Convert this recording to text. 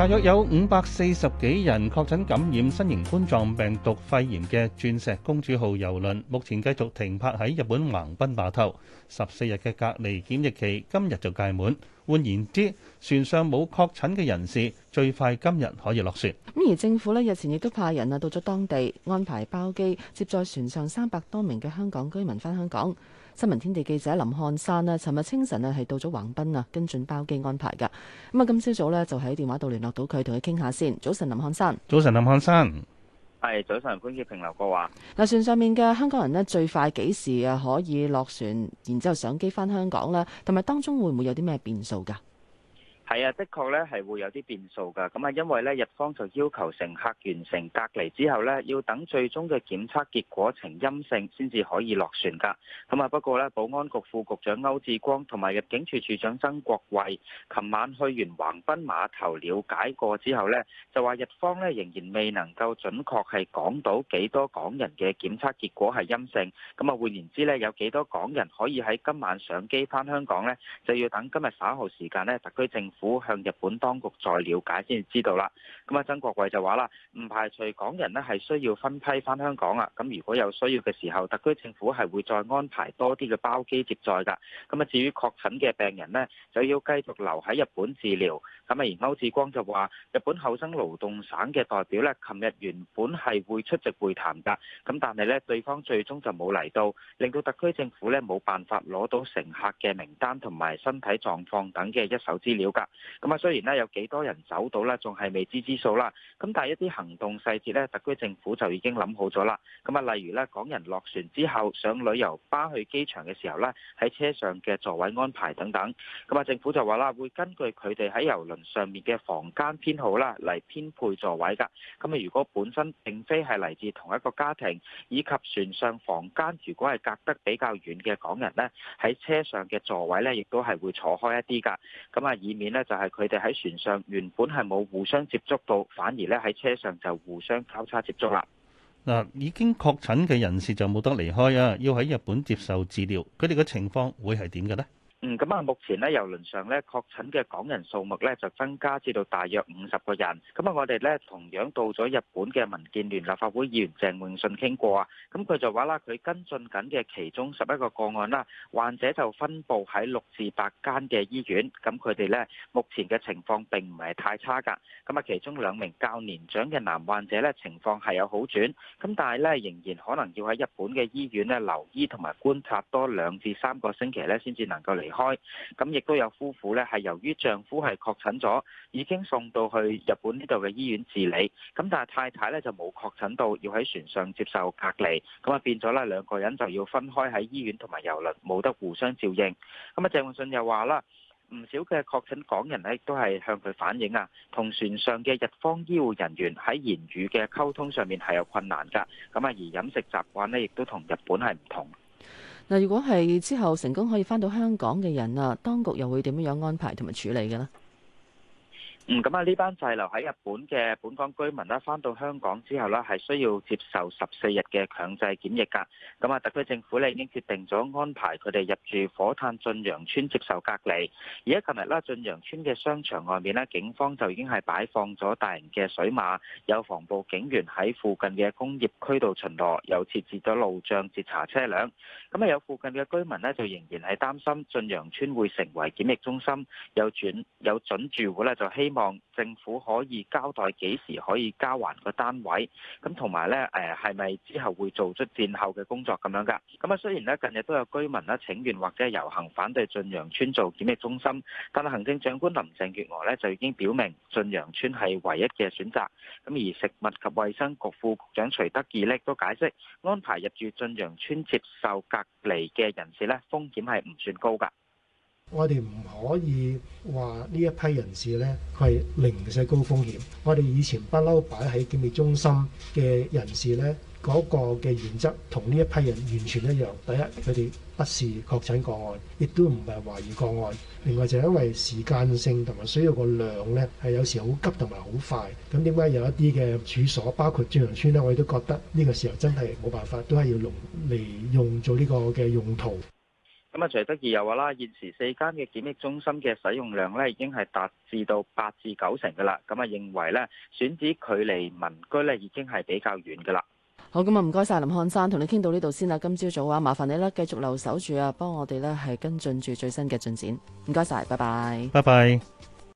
大約有五百四十幾人確診感染新型冠狀病毒肺炎嘅鑽石公主號郵輪，目前繼續停泊喺日本橫濱碼頭，十四日嘅隔離檢疫期今日就屆滿。換言之，船上冇確診嘅人士，最快今日可以落船。咁而政府呢日前亦都派人啊，到咗當地安排包機接載船上三百多名嘅香港居民返香港。新聞天地記者林漢山啊，尋日清晨啊係到咗橫濱啊跟進包機安排㗎。咁啊，今朝早呢就喺電話度聯絡到佢，同佢傾下先。早晨，林漢山。早晨，林漢山。係、嗯，早上潘潔平、劉國華。嗱，船上面嘅香港人咧，最快幾時啊可以落船，然之後上機翻香港咧？同埋當中會唔會有啲咩變數噶？係啊，的確咧係會有啲變數㗎。咁啊，因為咧日方就要求乘客完成隔離之後咧，要等最終嘅檢測結果呈陰性先至可以落船㗎。咁啊，不過咧，保安局副局長區志光同埋入境處處長曾國衞，琴晚去完橫濱碼頭了解過之後咧，就話日方咧仍然未能夠準確係講到幾多港人嘅檢測結果係陰性。咁啊，換言之咧，有幾多港人可以喺今晚上機翻香港咧，就要等今日稍後時間咧，特區政府向日本當局再了解先至知道啦。咁啊，曾國衞就話啦，唔排除港人呢係需要分批返香港啊。咁如果有需要嘅時候，特區政府係會再安排多啲嘅包機接載㗎。咁啊，至於確診嘅病人呢，就要繼續留喺日本治療。咁啊，而區志光就話，日本厚生勞動省嘅代表呢，琴日原本係會出席會談㗎。咁但係呢，對方最終就冇嚟到，令到特區政府呢冇辦法攞到乘客嘅名單同埋身體狀況等嘅一手資料㗎。咁啊，雖然咧有幾多人走到咧，仲係未知之數啦。咁但係一啲行動細節呢，特區政府就已經諗好咗啦。咁啊，例如呢港人落船之後上旅遊巴去機場嘅時候呢，喺車上嘅座位安排等等。咁啊，政府就話啦，會根據佢哋喺郵輪上面嘅房間編號啦，嚟編配座位噶。咁啊，如果本身並非係嚟自同一個家庭，以及船上房間如果係隔得比較遠嘅港人呢，喺車上嘅座位呢，亦都係會坐開一啲噶。咁啊，以免。咧就係佢哋喺船上原本係冇互相接觸到，反而咧喺車上就互相交叉接觸啦。嗱、嗯，已經確診嘅人士就冇得離開啊，要喺日本接受治療。佢哋嘅情況會係點嘅呢？嗯，咁啊，目前呢，郵輪上呢，確診嘅港人數目呢，就增加至到大約五十個人。咁啊，我哋呢，同樣到咗日本嘅民建聯立法會議員鄭泳舜傾過啊。咁佢就話啦，佢跟進緊嘅其中十一個個案啦，患者就分佈喺六至八間嘅醫院。咁佢哋呢，目前嘅情況並唔係太差噶。咁啊，其中兩名較年長嘅男患者呢，情況係有好轉。咁但係呢，仍然可能要喺日本嘅醫院呢，留醫同埋觀察多兩至三個星期呢，先至能夠嚟。開咁亦都有夫婦咧，係由於丈夫係確診咗，已經送到去日本呢度嘅醫院治理。咁但係太太咧就冇確診到，要喺船上接受隔離。咁啊變咗啦，兩個人就要分開喺醫院同埋郵輪，冇得互相照應。咁啊，鄭永信又話啦，唔少嘅確診港人咧，都係向佢反映啊，同船上嘅日方醫護人員喺言語嘅溝通上面係有困難噶。咁啊，而飲食習慣呢，亦都同日本係唔同。嗱，如果係之後成功可以返到香港嘅人啊，當局又會點樣安排同埋處理嘅咧？嗯，咁啊，呢班滯留喺日本嘅本港居民啦，翻到香港之後咧，係需要接受十四日嘅強制檢疫噶。咁啊，特區政府咧已經決定咗安排佢哋入住火炭晉陽村接受隔離，而家琴日啦晉陽村嘅商場外面咧，警方就已經係擺放咗大型嘅水馬，有防暴警員喺附近嘅工業區度巡邏，又設置咗路障截，截查車輛，咁啊，有附近嘅居民咧，就仍然係擔心晉陽村會成為檢疫中心，有住有準住戶咧，就希望。政府可以交代幾時可以交還個單位，咁同埋咧誒，係咪之後會做出戰後嘅工作咁樣噶？咁啊，雖然咧近日都有居民咧請願或者遊行反對駿洋邨做檢疫中心，但行政長官林鄭月娥呢就已經表明駿洋邨係唯一嘅選擇。咁而食物及衛生局副，副局長徐德義咧都解釋，安排入住駿洋邨接受隔離嘅人士咧風險係唔算高噶。我哋唔可以話呢一批人士呢，佢係零舍高風險。我哋以前不嬲擺喺檢疫中心嘅人士呢，嗰個嘅原則同呢一批人完全一樣。第一，佢哋不是確診個案，亦都唔係懷疑個案。另外就係因為時間性同埋需要個量呢，係有時好急同埋好快。咁點解有一啲嘅處所，包括駿洋邨呢，我哋都覺得呢個時候真係冇辦法，都係要用嚟用做呢個嘅用途。咁啊、嗯，徐德義又話啦，現時四間嘅檢疫中心嘅使用量咧，已經係達至到八至九成嘅啦。咁、嗯、啊，認為呢選址距離民居咧已經係比較遠嘅啦。好，咁啊，唔該晒林漢山，同你傾到呢度先啦。今朝早啊，麻煩你咧繼續留守住啊，幫我哋呢係跟進住最新嘅進展。唔該晒，拜拜。拜拜。